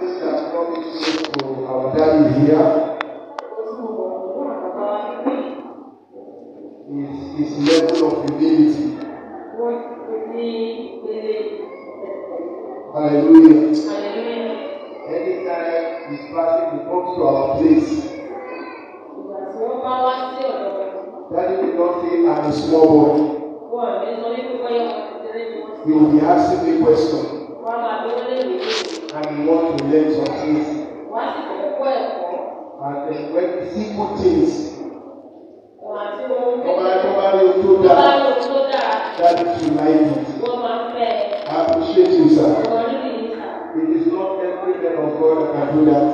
thing that brought me to our daddy here is his level of humility. Hallelujah. Hallelujah. Anytime he's passing, he comes to our place. Daddy will not say, I'm a small boy. He will be asking me questions. And he when he learns some things. Wọ́n á sì ẹ̀kọ́. And then when he see things. Wọ́n á ti wọ́n. Ọba Ẹ̀kọ́ba ní ojú ó dára. Ọba ní ojú ó That is to like it. Wọ́n máa fẹ́. I appreciate you, sir. Ọ̀rọ̀ níbi ìta. It is not every man of God that can do that.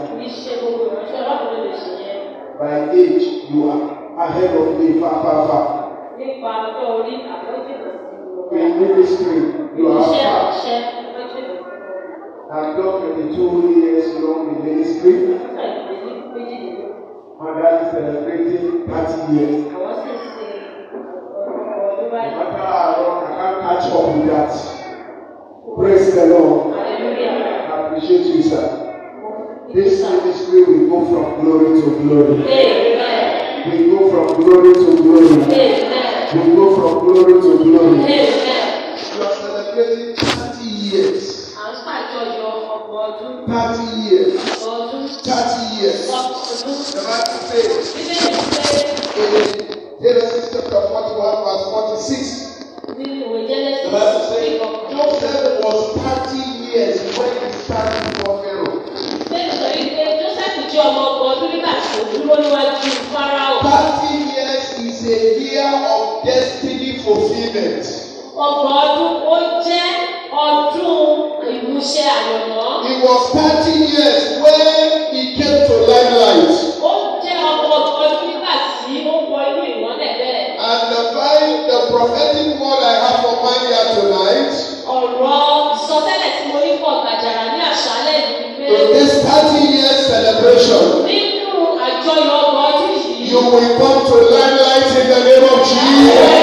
year of destiny fulfilment. Ọgbọ̀n ọdún ó jẹ́ ọdún ìmúṣẹ àyànmọ́. It was thirty years when he came to limelight. Ó jẹ́ ọgbọ̀n ọdún nígbà tí ó wọ inú ìmọ́lẹ̀ bẹ́ẹ̀. And the five the prophetic word I have for my year tonight. Ọ̀rọ̀ ìsọtẹ́lẹ̀ tí mo ní fún ọ̀gbàjàrà ní àṣálẹ̀ yìí pé. To this thirty years celebration. Nínú àjọyọ̀ ọgbọ̀n ọdún yìí. You will come. dia.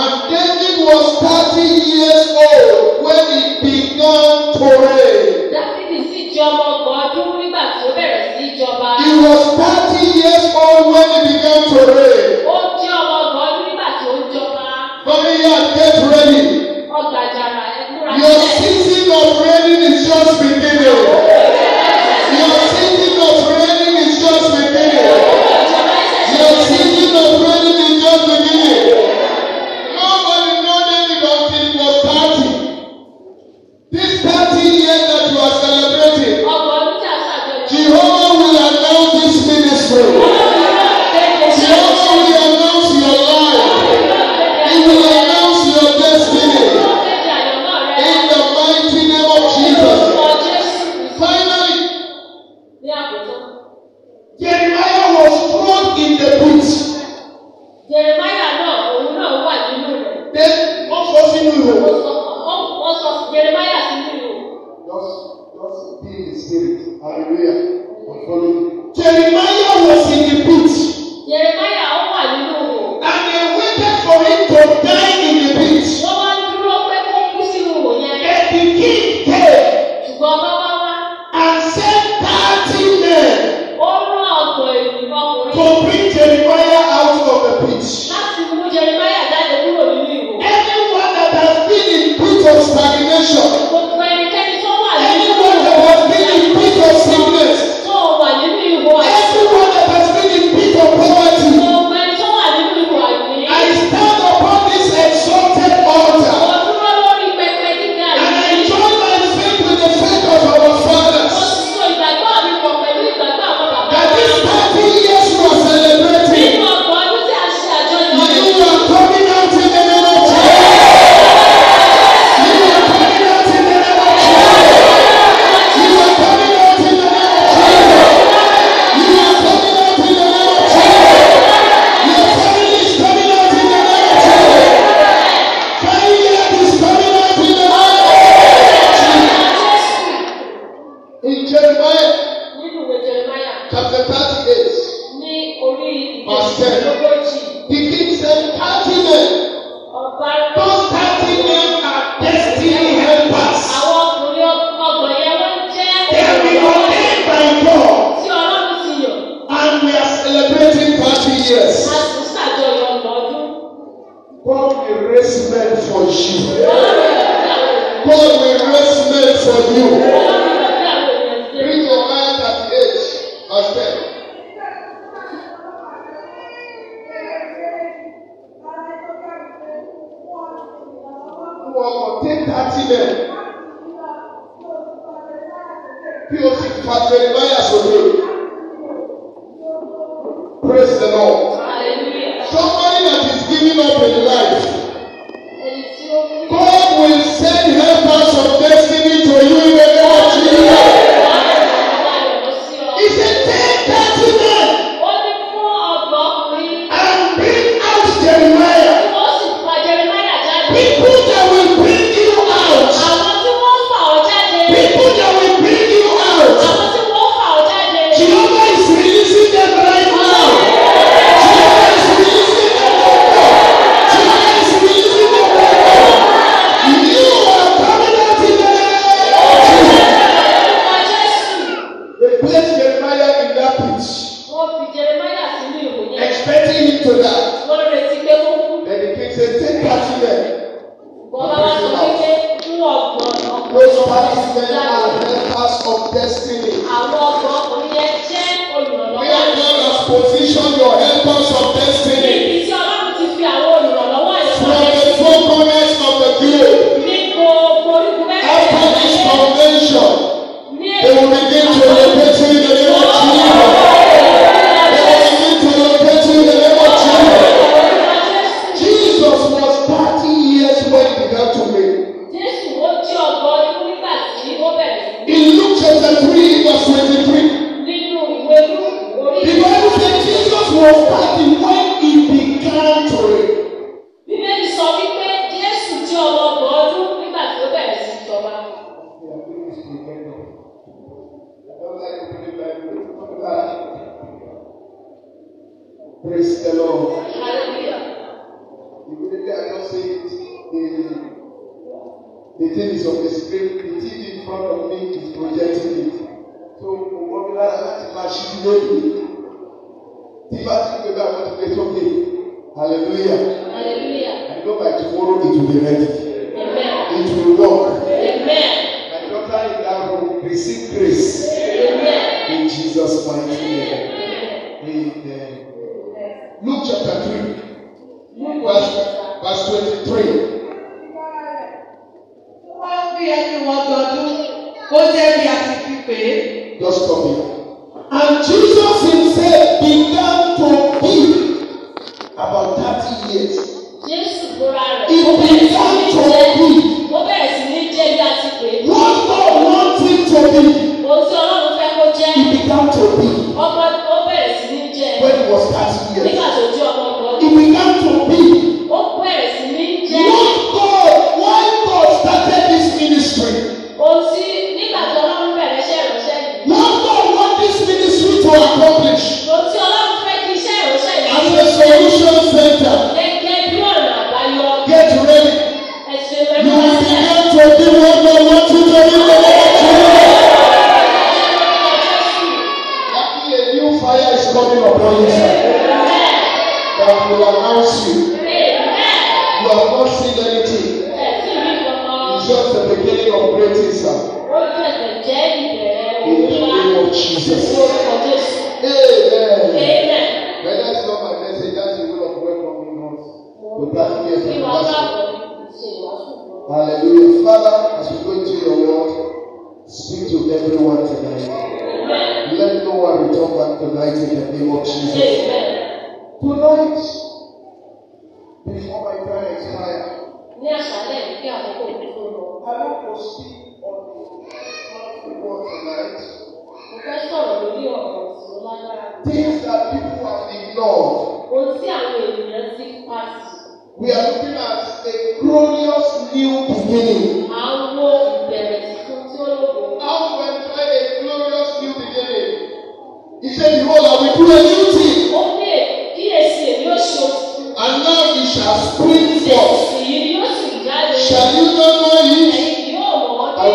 And David was thirty years old when he began to reign. Dáfídì sì jẹ́ ọmọ ọgbọ̀n ọdún nígbà tó bẹ̀rẹ̀ sí jọba. He was thirty years old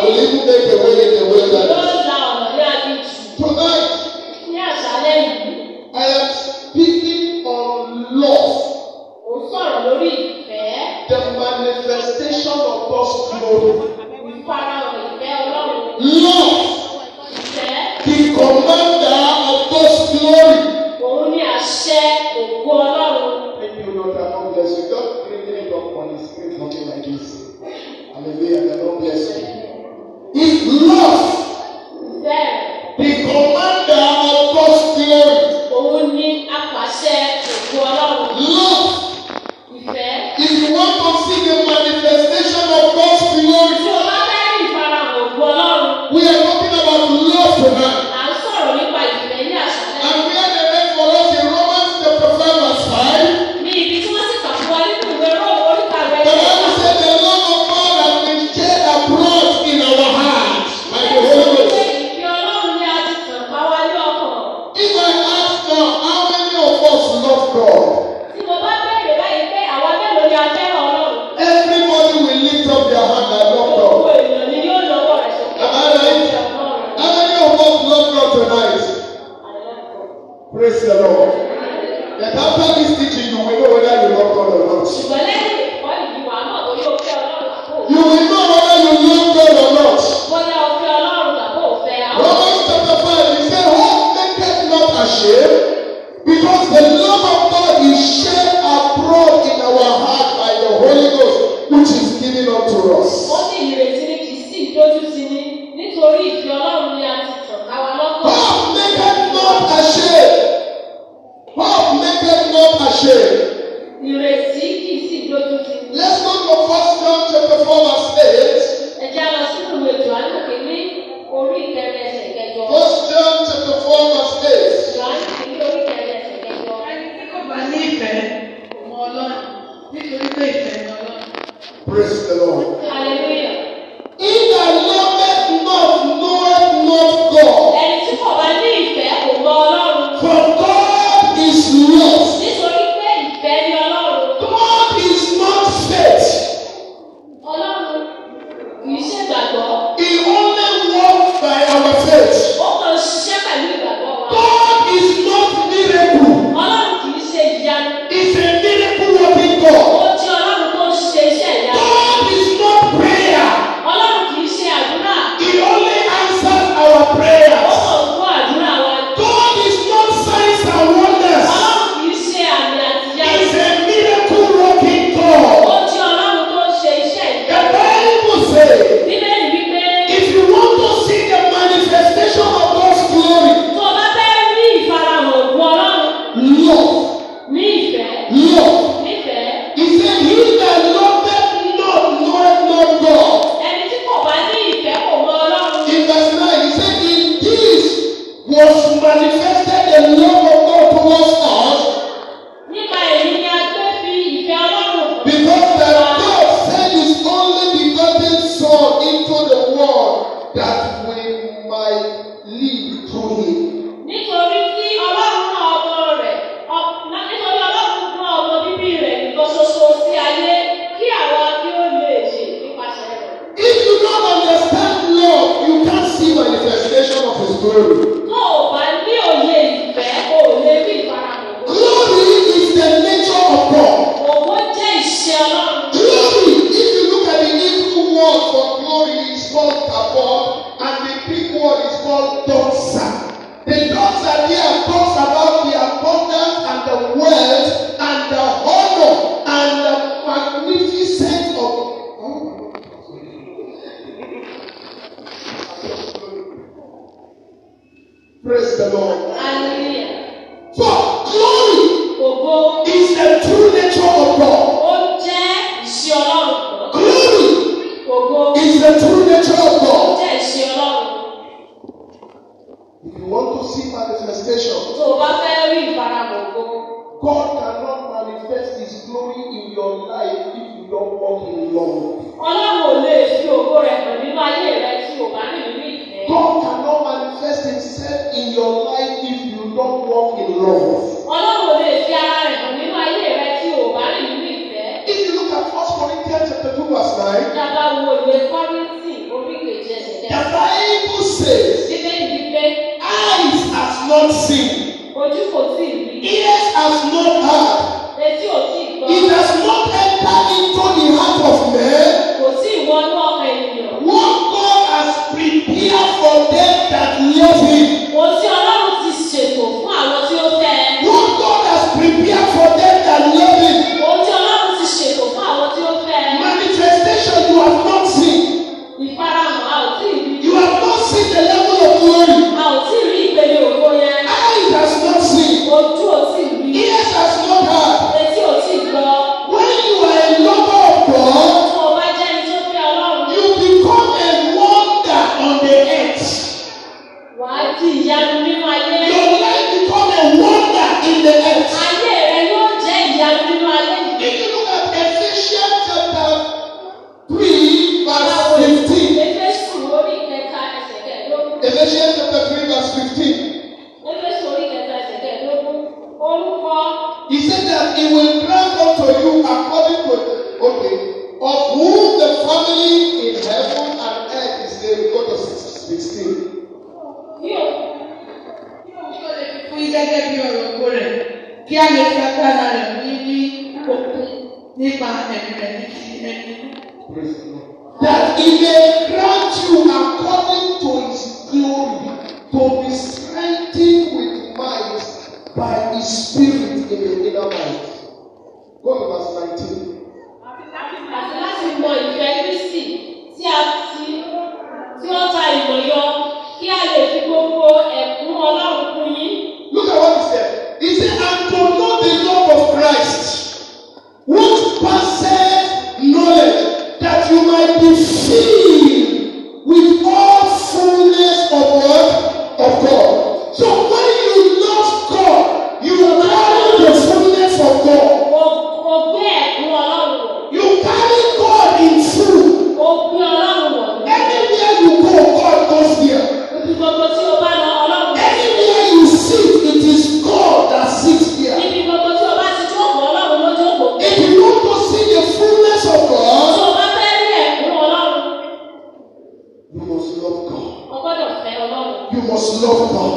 Believe me, ṣe. Ìrètí kì í sì dójú ti ocupam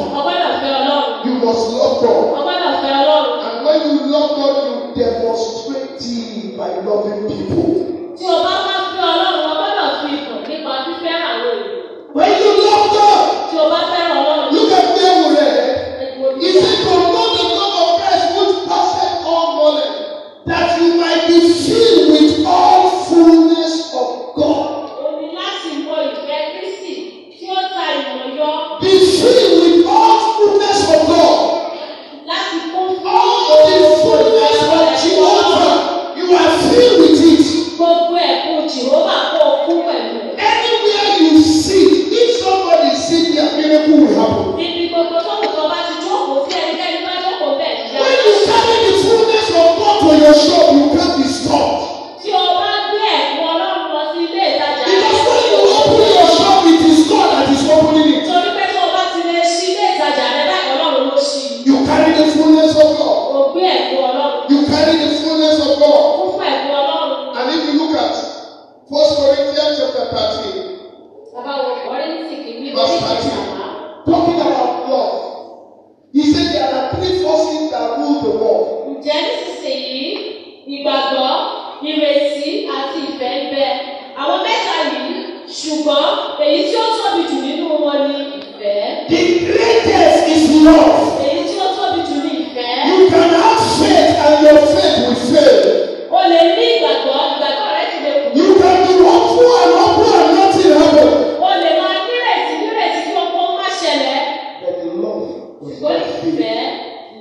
Ṣùgbọ́n ìfẹ́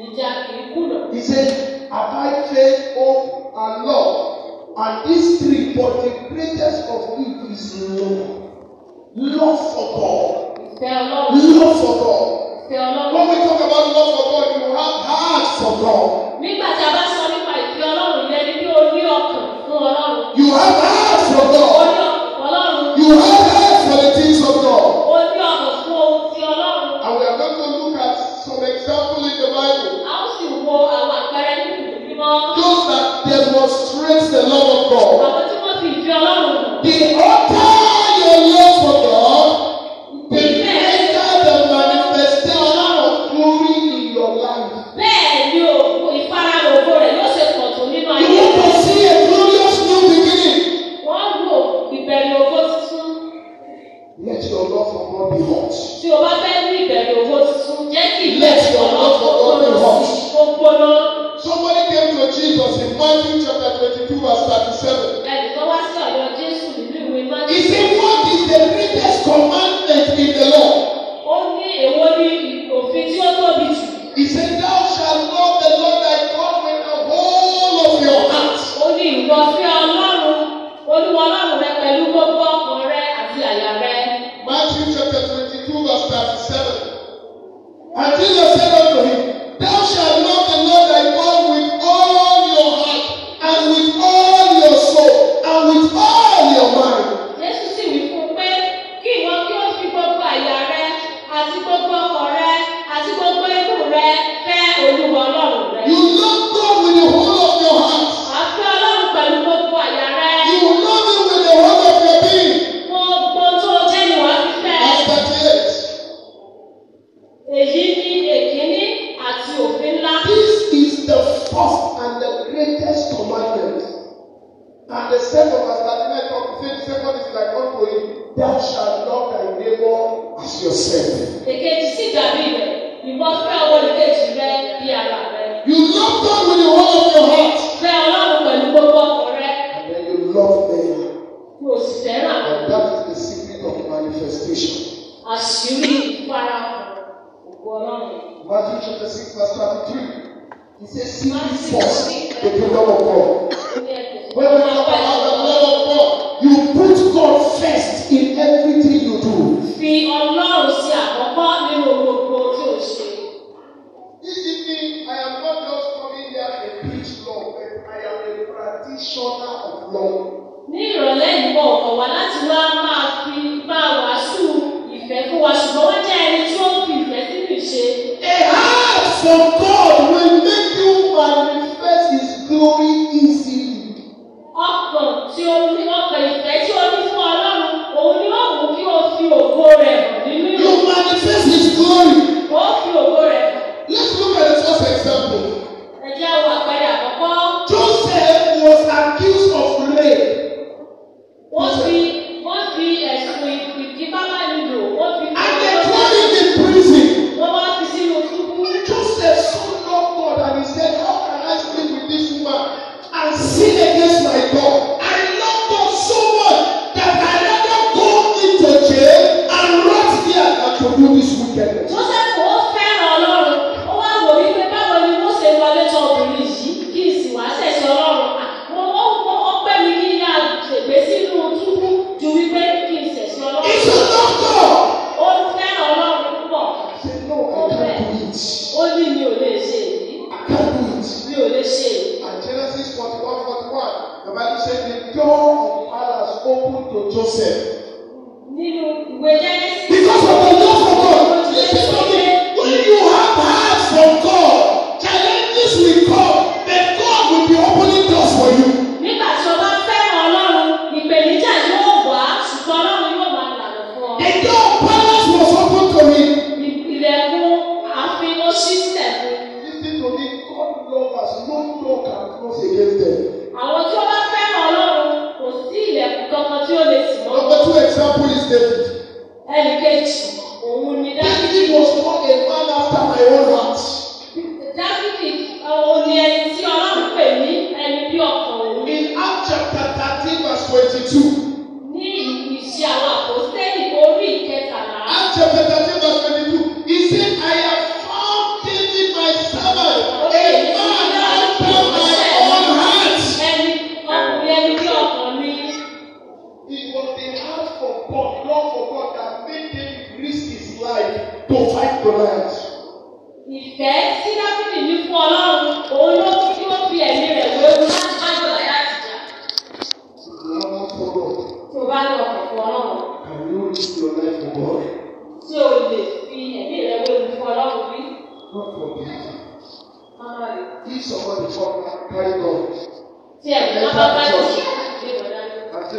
ìjà kìí He said, abide faith, hope and love and these three but the greatest of it is love. Love for God. Ìfẹ́ Love for God. Ìfẹ́ When we talk about love for God, you have heart for God. Nígbà tí a bá sọ nípa ìfẹ́ Ọlọ́run yẹn ni bí o ní ọkàn fún Ọlọ́run. You have heart.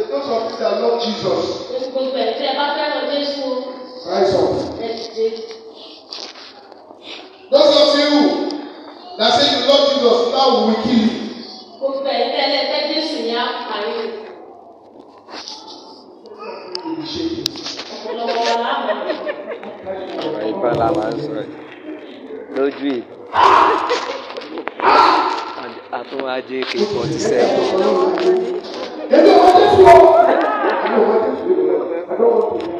say those of you that love Jesus. rise up. those of you that say you love Jesus now we kill you. gbogbo lójú ì àtúnwájú ah! kìí forty seven. Èmi ò wá Jésù o. Èmi ò wá Jésù o. I don't want to.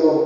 Gracias.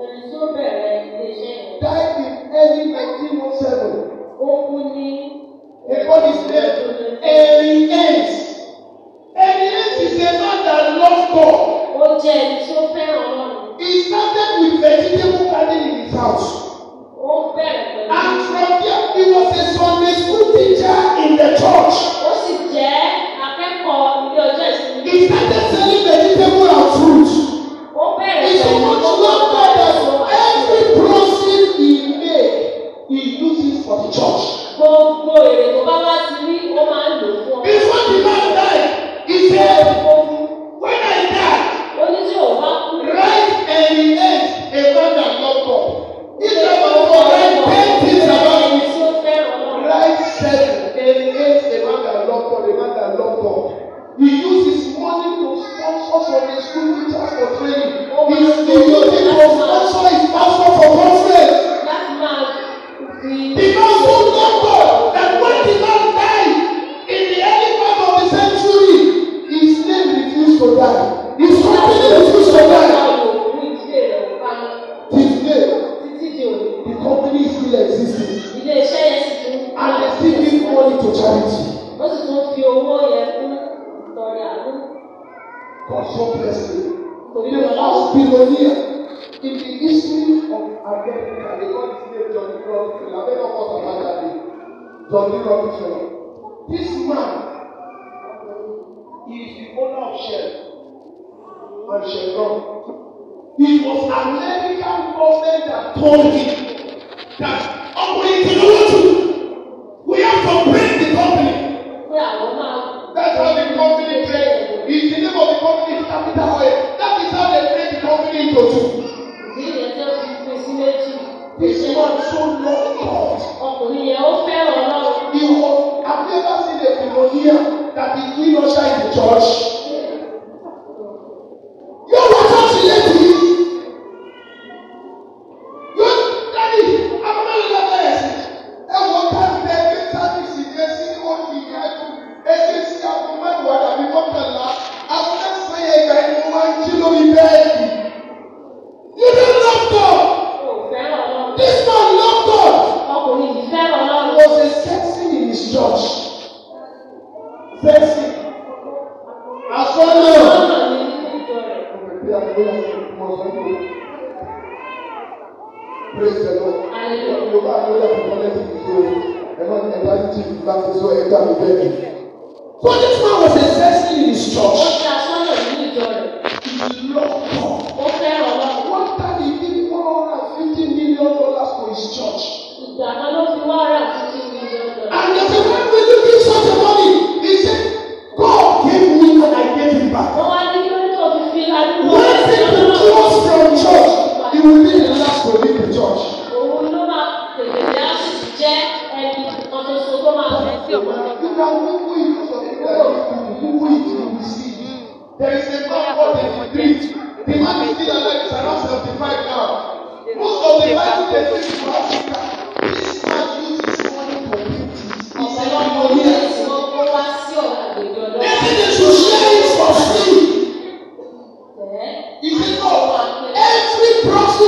Ele soube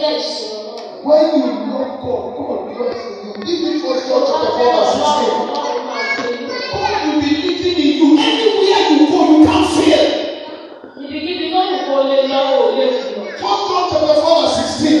Yes. When you know God, God bless you. Even for such a performance, God will be living in you. Anywhere you go, you can't fail. Come from the performance 16.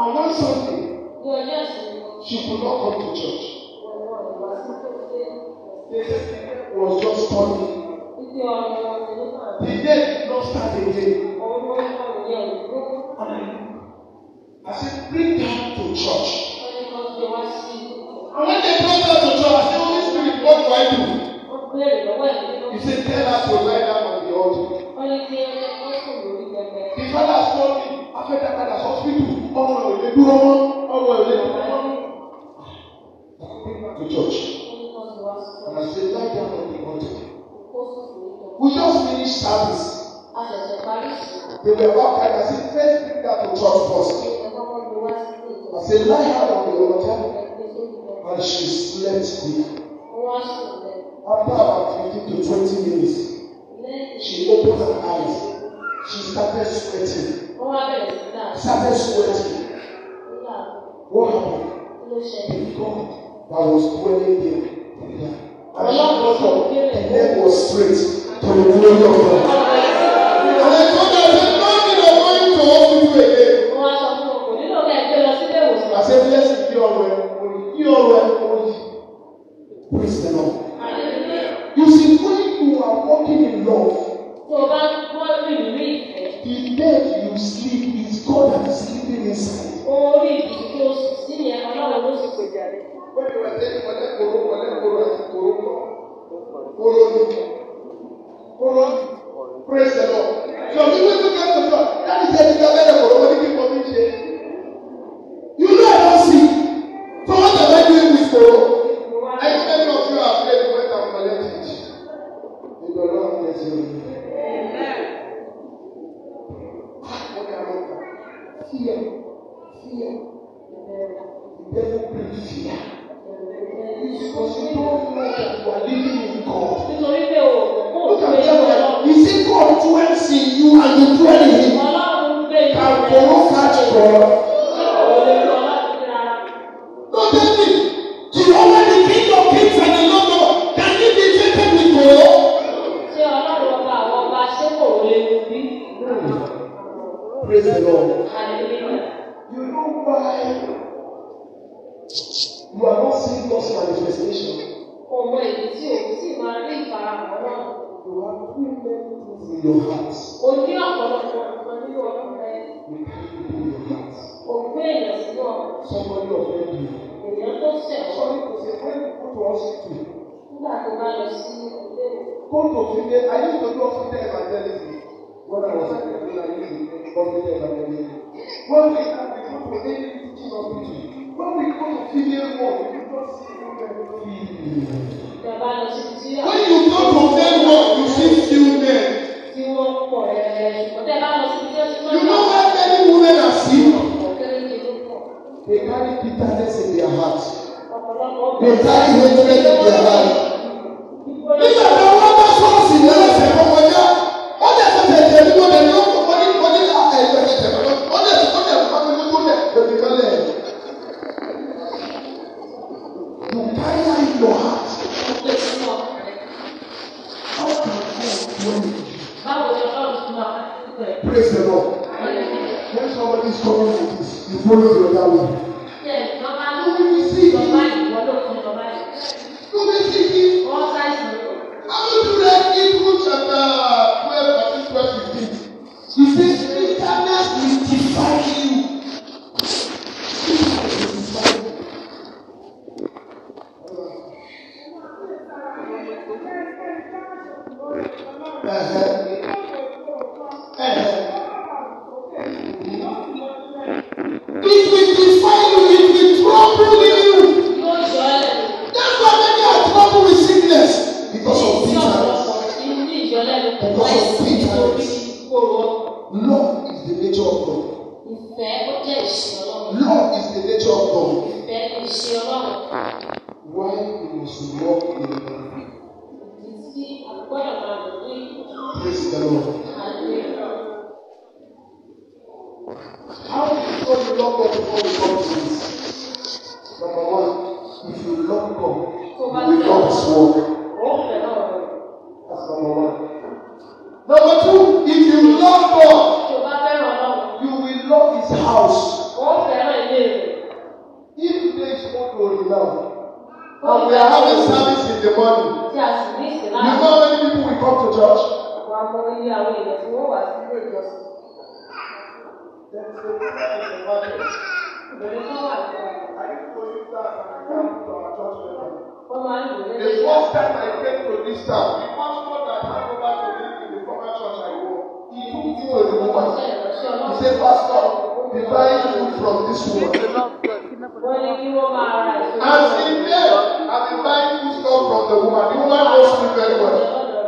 And one Sunday, she could not come to church. The was just coming. The day did not start again. And I said, bring her to church. And when they brought her to church, I said, Holy Spirit, what do I do? He said, tell her to lie down on the altar. The father has told me, I've heard that father's hospital ọmọ rẹ̀ dúró mọ́ ọmọ rẹ̀ ò to church and I say lie down on the altar. We just finish service. They were baptized. I said first bring that to church first. I said lie down on the altar and she slept there. After about fifteen to twenty minutes, she opened her eyes. She started sweating started sweating. What happened? God that was dwelling there. And that was straight to the glory of God. God is calling like you follow the other way.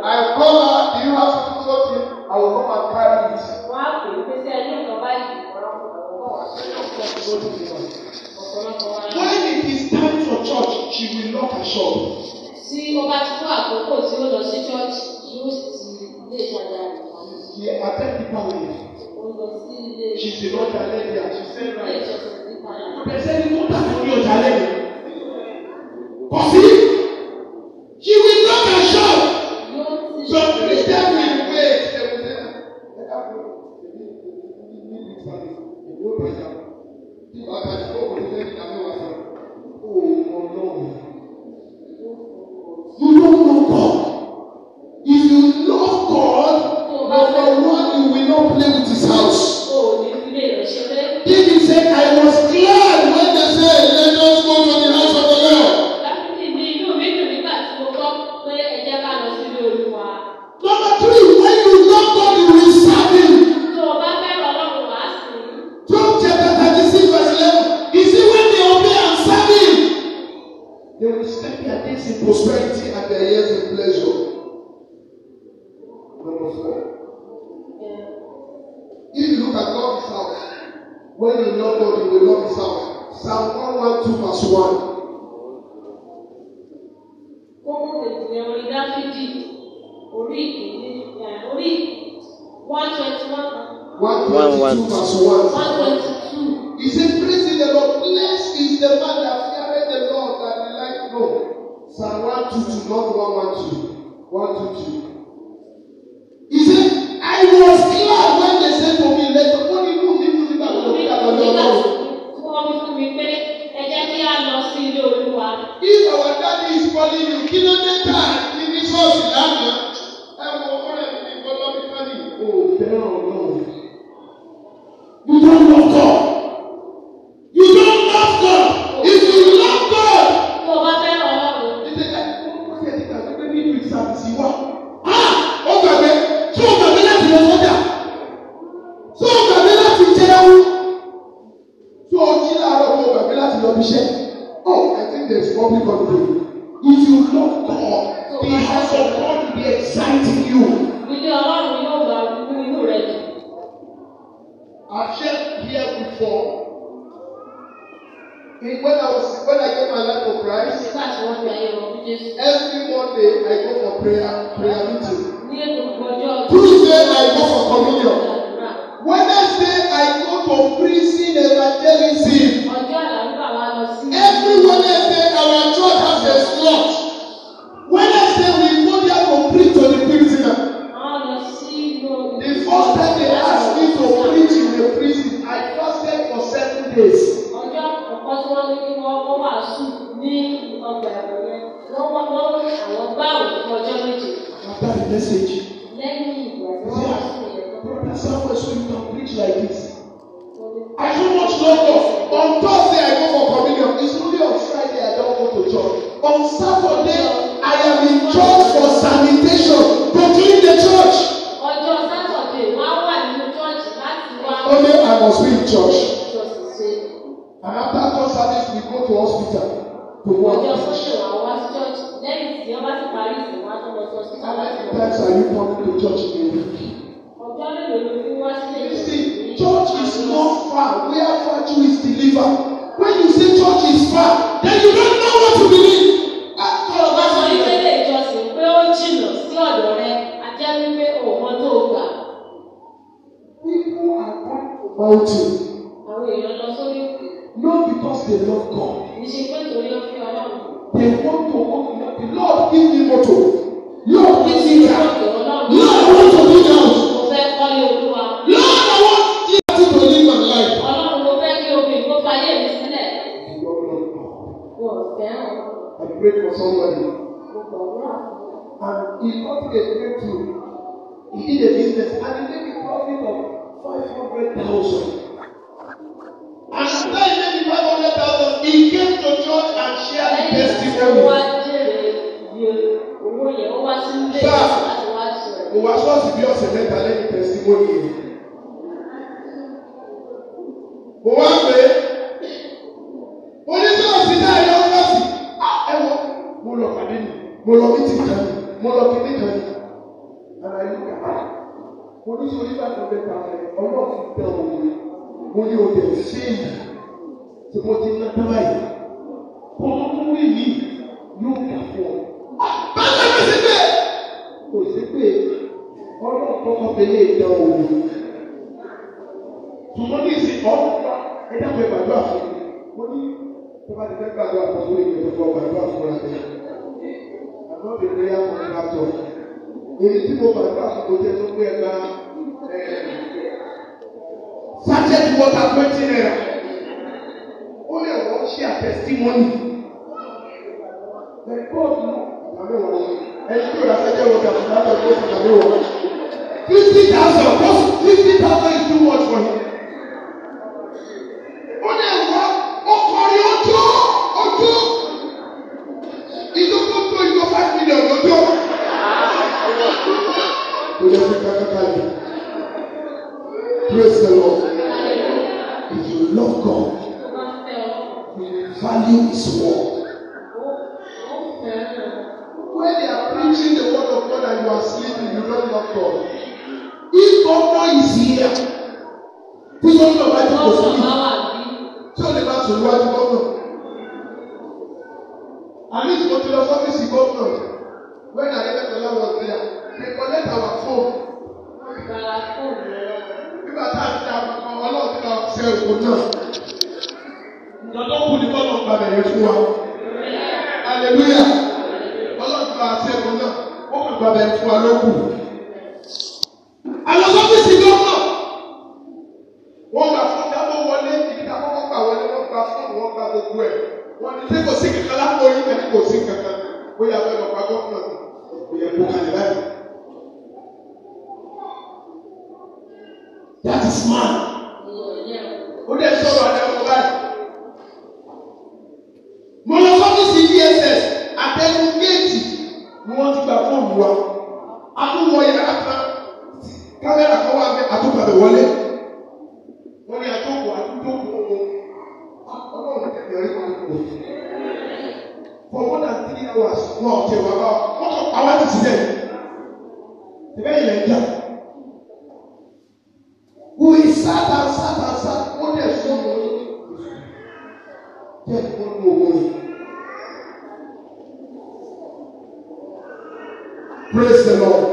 I call her, do you have something something? I will come and carry it. When it is time for church, she will knock her shop. Tí ó bá ti tó àkókò tí ó lọ sí church, yóò sì ilé ìtajà rẹ̀. She attend deeper way. Ó lọ sí ilé. She is a lawyer lady and she said right. If our daddy is calling you, kí ló dé tà ní ní ṣọ́ọ̀ṣì lánàá? How many times are you coming to church in week? You see, church is not far. Where virtue is delivered. When you say church is far, then you don't know what to believe. Ah, mountain. bí ọ̀sẹ̀ mẹ́ta lẹ́yìn tẹ̀símọ́nì yìí. Mo wá pé oníṣẹ́ọ̀sì náà yọ ọ́ sí ẹ̀wọ̀ mo lọ pàdé nì mo lọ mítì kan mo lọ kíní kan ní ara yìí kà á. Mo ní o tẹ̀ sí ìyà tí mo ti ná tán báyìí. Ọkùnrin yìí yóò kà ọlọ́run kọ́kọ́ fẹlẹ́ ìtàn òwò ṣùgbọ́n ní ìsìn ọ̀pọ̀ ẹ̀dá pé gbàdúrà fún mo ní tó bá ti fẹ́ gbàdúrà fún mi ìgbẹ́ fún gbàdúrà fún ra bẹ́ẹ̀ àmọ́ bèbè yà wọ́n ká tọ̀ èyí tí mo gbàdúrà fún mo jẹ́ tó pé ẹgbà sachet water twenty naira ó lè wọ́n ṣe àtẹ̀símọ́nì bẹ́ẹ̀ bọ́ọ̀lù àmì wọ̀nyí ẹni tó rà sachet water fún mi awo ti dɛ ebe yɛ ɛdia wo yi sata sata sa wo dɛ so mo dɛ mo nu owo yi praise the lord.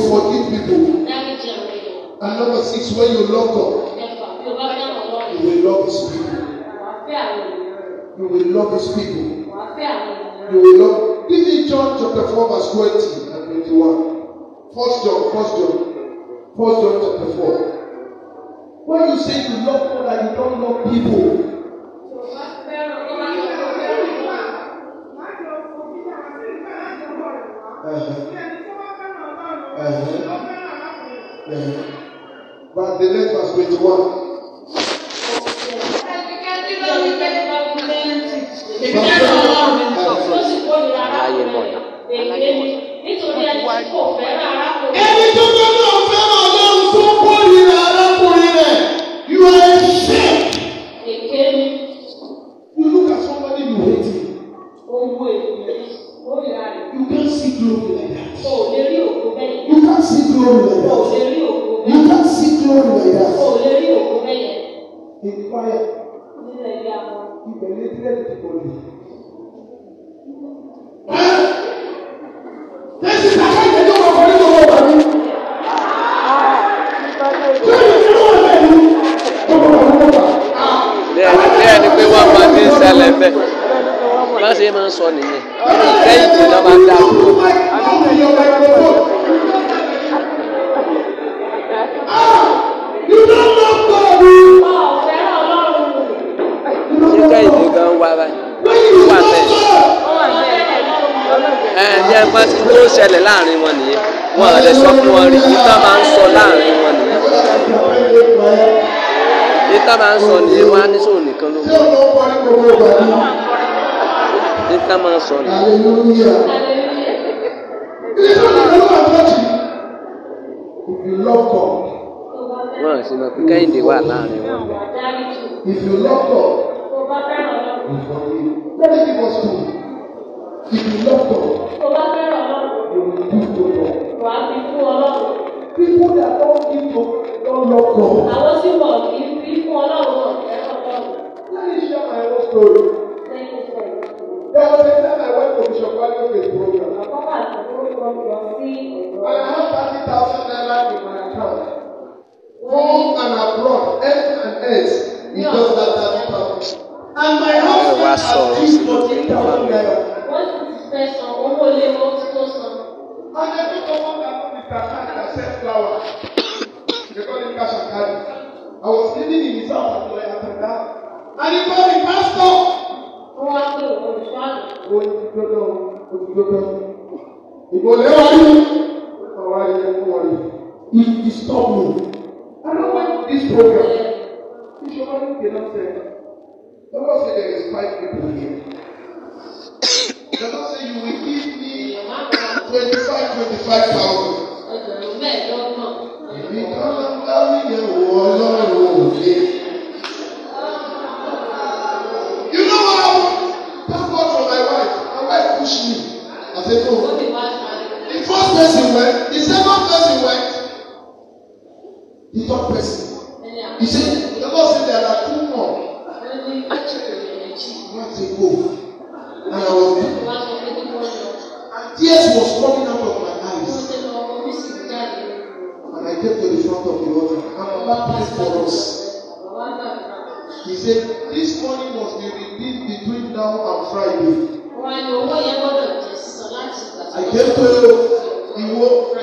you forgive people. And number six, when you love God, you will love His people. You will love His people. You will love. This John chapter 4, verse 20 and 21. First John, first John, first John chapter 4. When you say you love God and you don't love people, Uh-huh. Uh-huh. But the next verse 21. Ẹni tó gbọ́dọ̀. ká máa sọ ni. wọ́n á sì mọ̀ pé kẹ́hìndé wà láàrin wọn bẹ́ẹ̀. If you love God, you forgive. Let me give us two. If you love God, you will do to People that don't love God. Àwọn tí wọ́n kì í fi fún Ọlọ́run náà ẹ̀rọ Ọlọ́run. Let me share my story. I was a time I went to Bishop Wally for a program. And I had 30,000 naira in my account. Home and abroad, S and S, it does that 30,000. And my husband has given 14,000 naira. And every woman that put the account and sent flower, they call him cash and carry. I was living in his house And he called me, Pastor, ó wá wa ní ọ̀rọ̀ ayé fún wọn he disturb me I don't want this program ìṣòro ní ìdènà sẹ́yìn lọ́wọ́ say there is five people here. The Lord say you will give me twenty-five twenty-five thousand. Ẹgbẹ̀rún mẹ́ẹ̀ẹ́dọ́gbọ̀n. Ìbí kan ń bá mi yẹ̀ òde. push me. I said, no. The first person went, the second person went, the third person. He said, the Lord said there are two more. I said, go. And I was And tears was coming out of my eyes. And I came to the front of the altar. And Baba prayed for us. He said, This morning was the redeemed between now and Friday. I came to the Iwo.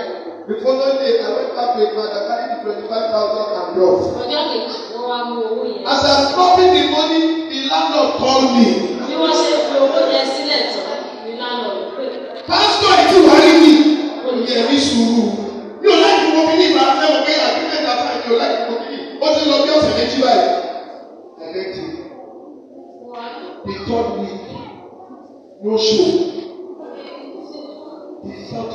The following day, I went back to Ibadan carrying the twenty-five thousand and brought. As I was dropping the money, the landlord called me. Pastor, I do fi me. yẹn sílẹ̀ tán, ni landlord pè. Pásítọ̀ ẹ̀ ti wá rí mi. Olùyẹ̀ mi sùúrù. Mi ò láì fún omi ní ìgbà fẹ́ wọ pé mẹ́ta fún àjọ láì fún omi ní. Ó ti lọ bí ọ̀sẹ̀ méjì báyìí. Ẹ̀rẹ́ ti. He told me. No show. This out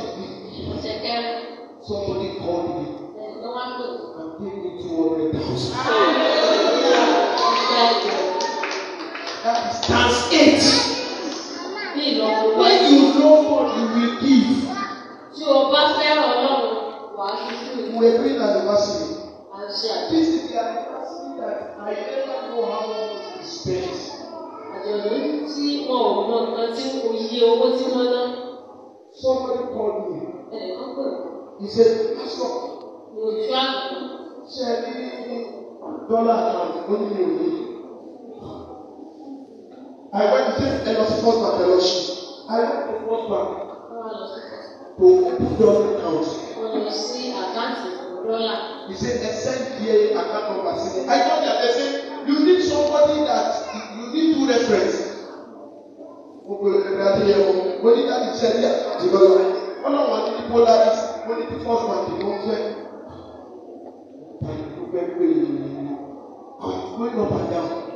Somebody called me. And gave me 200,000. That is times eight. When you know what you will give. Tí o bá fẹ́ràn Ọlọ́run, wàá fi fún mi. We bring anniversary. This is the anniversary that I never know how long it spent àjọ̀dún tí wọn ò mọ nǹkan tí kò yí owó tí wọ́n ná. Somebody called me. Ẹnìkan pè mí. He said, Pastor. Mo ju àgbà. Ṣé ẹ ní dọ́là kan ó ní ìwé? I went to say, ẹ lọ sí first bank, ẹ lọ ṣí. I went to first bank. To open dollar account. Mo lọ sí àkáǹtì dọ́là. He said, ẹ send the account number sí mi. I told them, I you need somebody that need two reference gbogbo ìrìnà tó yẹ wọn mo ní láti ṣe ẹ̀dí àjẹbọ́lá wọn náà wọn ní polaris mo ní the first one the one fẹ́ tàbí tó fẹ́ pé ìrìnà àwọn ìgbóyè náà bá dáhùn.